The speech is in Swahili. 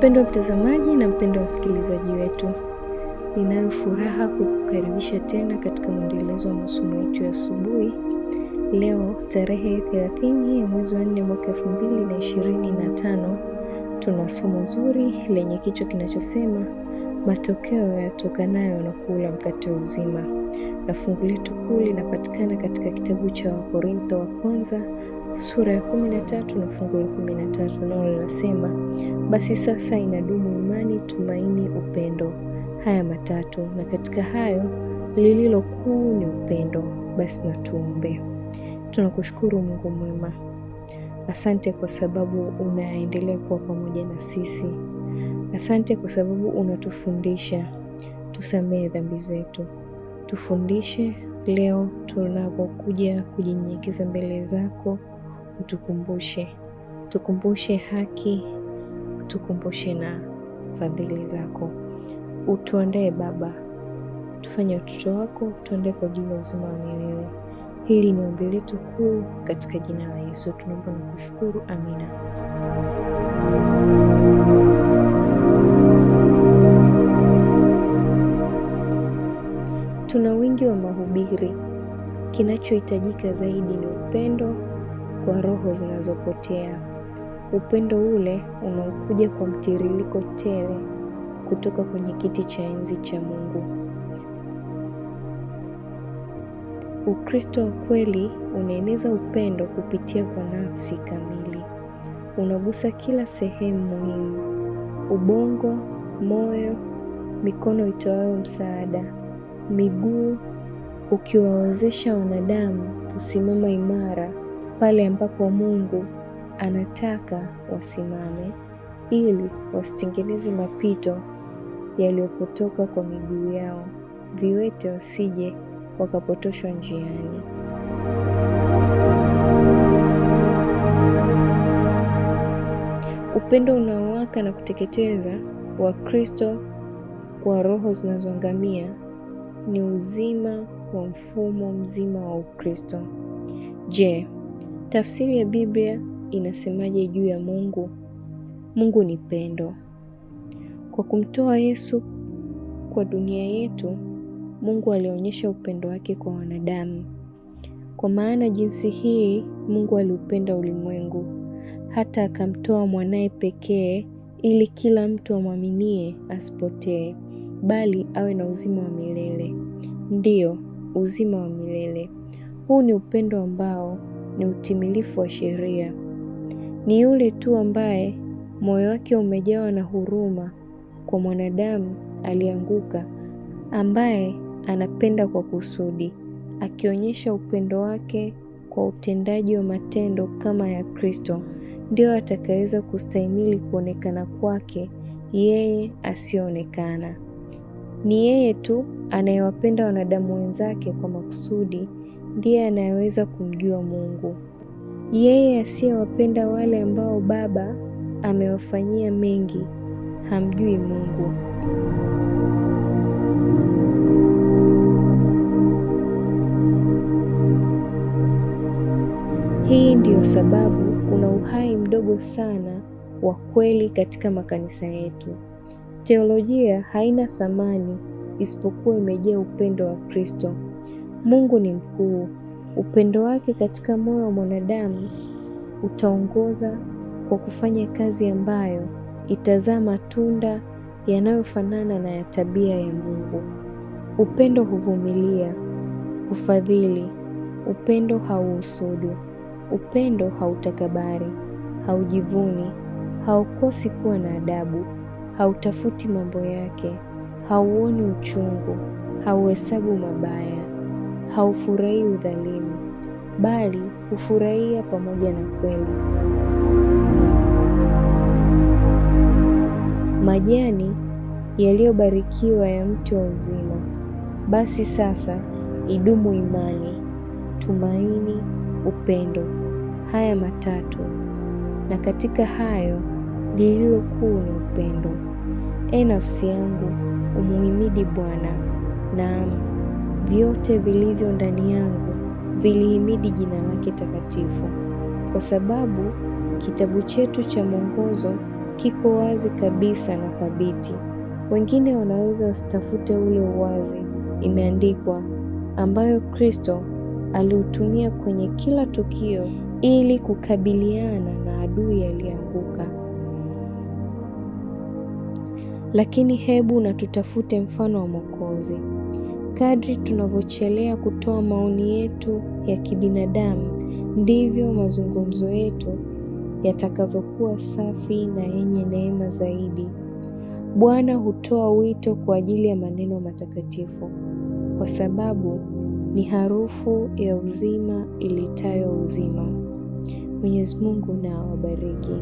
Mpendwa mtazamaji na mpendwa msikilizaji wetu, ninayo furaha kukukaribisha tena katika mwendelezo wa masomo yetu ya asubuhi leo tarehe 30 ya mwezi wa nne mwaka na ishirini tano Tuna somo zuri lenye kichwa kinachosema matokeo yatokanayo na kuula mkate wa uzima, na fungu letu kuu linapatikana katika kitabu cha Wakorintho wa kwanza sura ya kumi na tatu na fungu la kumi na tatu nalo linasema, basi sasa inadumu imani, tumaini, upendo, haya matatu, na katika hayo lililo kuu ni upendo. Basi na tuombe. Tunakushukuru Mungu mwema, asante kwa sababu unaendelea kuwa pamoja na sisi. Asante kwa sababu unatufundisha tusamehe dhambi zetu. Tufundishe leo tunapokuja kujinyenyekeza mbele zako utukumbushe, tukumbushe haki, utukumbushe na fadhili zako. utuondee Baba, tufanye watoto wako, tuondee kwa ajili ya uzima wa milele. Hili ni ombi letu kuu, katika jina la Yesu tunaomba na kushukuru, amina. Tuna wingi wa mahubiri, kinachohitajika zaidi ni upendo kwa roho zinazopotea. Upendo ule unaokuja kwa mtiririko tele kutoka kwenye kiti cha enzi cha Mungu. Ukristo wa kweli unaeneza upendo kupitia kwa nafsi kamili. Unagusa kila sehemu muhimu: ubongo, moyo, mikono itoayo msaada, miguu, ukiwawezesha wanadamu kusimama imara pale ambapo Mungu anataka wasimame ili wasitengeneze mapito yaliyopotoka kwa miguu yao, viwete wasije wakapotoshwa njiani. Upendo unaowaka na kuteketeza wa Kristo kwa roho zinazoangamia ni uzima wa mfumo mzima wa Ukristo. Je, Tafsiri ya Biblia inasemaje juu ya Mungu? Mungu ni pendo. Kwa kumtoa Yesu kwa dunia yetu, Mungu alionyesha upendo wake kwa wanadamu. Kwa maana jinsi hii Mungu aliupenda ulimwengu hata akamtoa mwanaye pekee ili kila mtu amwaminie asipotee, bali awe na uzima wa milele. Ndiyo, uzima wa milele. Huu ni upendo ambao ni utimilifu wa sheria. Ni yule tu ambaye moyo wake umejawa na huruma kwa mwanadamu alianguka, ambaye anapenda kwa kusudi, akionyesha upendo wake kwa utendaji wa matendo kama ya Kristo, ndiyo atakayeweza kustahimili kuonekana kwake yeye asiyoonekana Ni yeye tu anayewapenda wanadamu wenzake kwa makusudi ndiye anayeweza kumjua Mungu. Yeye asiyewapenda wale ambao Baba amewafanyia mengi hamjui Mungu. Hii ndiyo sababu kuna uhai mdogo sana wa kweli katika makanisa yetu. Teolojia haina thamani isipokuwa imejaa upendo wa Kristo. Mungu ni mkuu. Upendo wake katika moyo wa mwanadamu utaongoza kwa kufanya kazi ambayo itazaa matunda yanayofanana na ya tabia ya Mungu. Upendo huvumilia, hufadhili, upendo hauhusudu, upendo hautakabari, haujivuni, haukosi kuwa na adabu, hautafuti mambo yake, hauoni uchungu, hauhesabu mabaya haufurahii udhalimu, bali hufurahia pamoja na kweli. Majani yaliyobarikiwa ya mti wa uzima. Basi sasa idumu imani, tumaini, upendo, haya matatu, na katika hayo lililo kuu ni upendo. E nafsi yangu, umuhimidi Bwana. Naam, vyote vilivyo ndani yangu vilihimidi jina lake takatifu, kwa sababu kitabu chetu cha mwongozo kiko wazi kabisa na thabiti. Wengine wanaweza wasitafute ule uwazi, imeandikwa, ambayo Kristo aliutumia kwenye kila tukio ili kukabiliana na adui aliyeanguka. Lakini hebu na tutafute mfano wa Mwokozi. Kadri tunavyochelea kutoa maoni yetu ya kibinadamu, ndivyo mazungumzo yetu yatakavyokuwa safi na yenye neema zaidi. Bwana hutoa wito kwa ajili ya maneno matakatifu, kwa sababu ni harufu ya uzima iletayo uzima. Mwenyezi Mungu na awabariki.